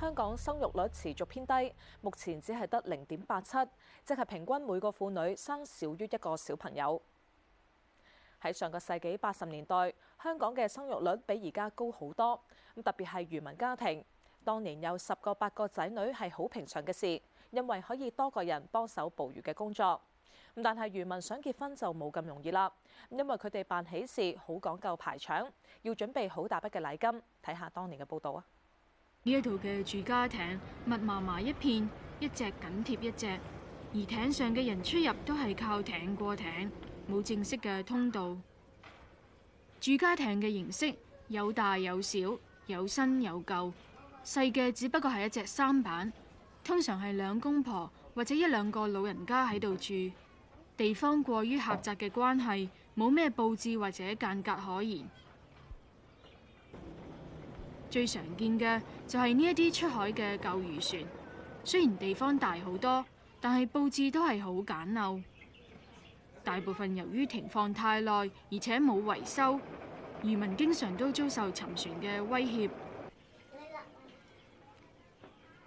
香港生育率持續偏低，目前只係得零點八七，即係平均每個婦女生少於一個小朋友。喺上個世紀八十年代，香港嘅生育率比而家高好多。咁特別係漁民家庭，當年有十個八個仔女係好平常嘅事，因為可以多個人幫手捕魚嘅工作。但係漁民想結婚就冇咁容易啦，因為佢哋辦喜事好講究排場，要準備好大筆嘅禮金。睇下當年嘅報道啊！呢一度嘅住家艇密麻麻一片，一隻緊貼一隻，而艇上嘅人出入都係靠艇過艇，冇正式嘅通道。住家艇嘅形式有大有小，有新有舊，細嘅只不過係一隻三板，通常係兩公婆或者一兩個老人家喺度住，地方過於狹窄嘅關係，冇咩布置或者間隔可言。最常見嘅就係呢一啲出海嘅舊漁船，雖然地方大好多，但係佈置都係好簡陋。大部分由於停放太耐，而且冇維修，漁民經常都遭受沉船嘅威脅。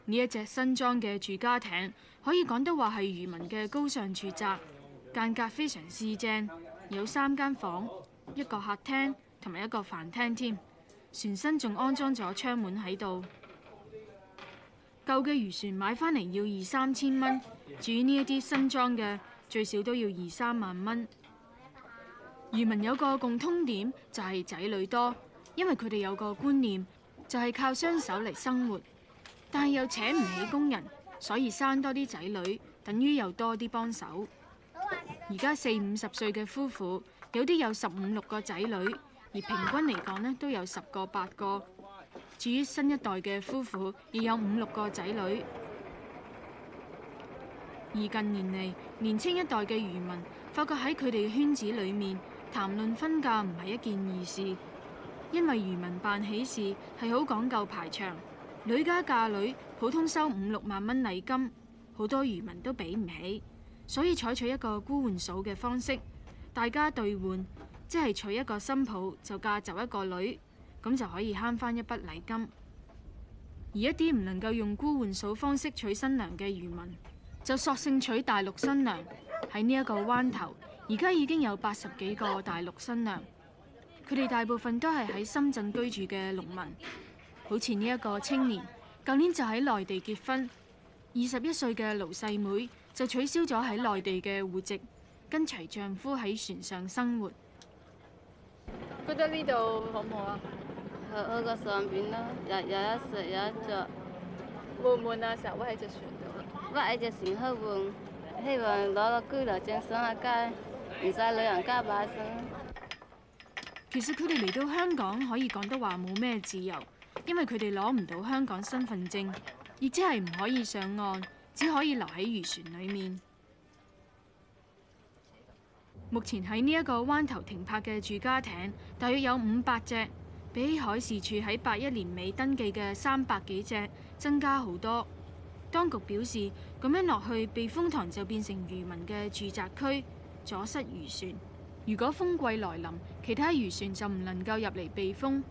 呢一隻新裝嘅住家艇，可以講得話係漁民嘅高尚住宅，間隔非常四正，有三間房、一個客廳同埋一個飯廳添。船身仲安裝咗窗門喺度，舊嘅漁船買返嚟要二三千蚊，至於呢一啲新裝嘅，最少都要二三萬蚊。漁民有個共通點就係、是、仔女多，因為佢哋有個觀念就係、是、靠雙手嚟生活，但係又請唔起工人，所以生多啲仔女，等於又多啲幫手。而家四五十歲嘅夫婦，有啲有十五六個仔女。而平均嚟講咧，都有十個八個。至於新一代嘅夫婦，亦有五六個仔女。而近年嚟，年輕一代嘅漁民發覺喺佢哋嘅圈子裡面，談論婚嫁唔係一件易事，因為漁民辦喜事係好講究排場，女家嫁女，普通收五六萬蚊禮金，好多漁民都畀唔起，所以採取一個沽換數嘅方式，大家兌換。即係娶一個新抱就嫁就一個女，咁就可以慳翻一筆禮金。而一啲唔能夠用姑換嫂方式娶新娘嘅漁民，就索性娶大陸新娘。喺呢一個灣頭，而家已經有八十幾個大陸新娘，佢哋大部分都係喺深圳居住嘅農民。好似呢一個青年，舊年就喺內地結婚。二十一歲嘅盧細妹就取消咗喺內地嘅戶籍，跟隨丈夫喺船上生活。覺得好好。呢度好唔好啊？去個上邊咯，有有一食有一着。悶唔悶啊？成日屈喺隻船度，屈喺隻船好悶。希望攞個居留證，上下街，唔使老人家把聲。其實佢哋嚟到香港可以講得話冇咩自由，因為佢哋攞唔到香港身份證，亦即係唔可以上岸，只可以留喺漁船裡面。目前喺呢一個灣頭停泊嘅住家艇，大約有五百隻，比起海事處喺八一年尾登記嘅三百幾隻增加好多。當局表示，咁樣落去避風塘就變成漁民嘅住宅區，阻塞漁船。如果風季來臨，其他漁船就唔能夠入嚟避風。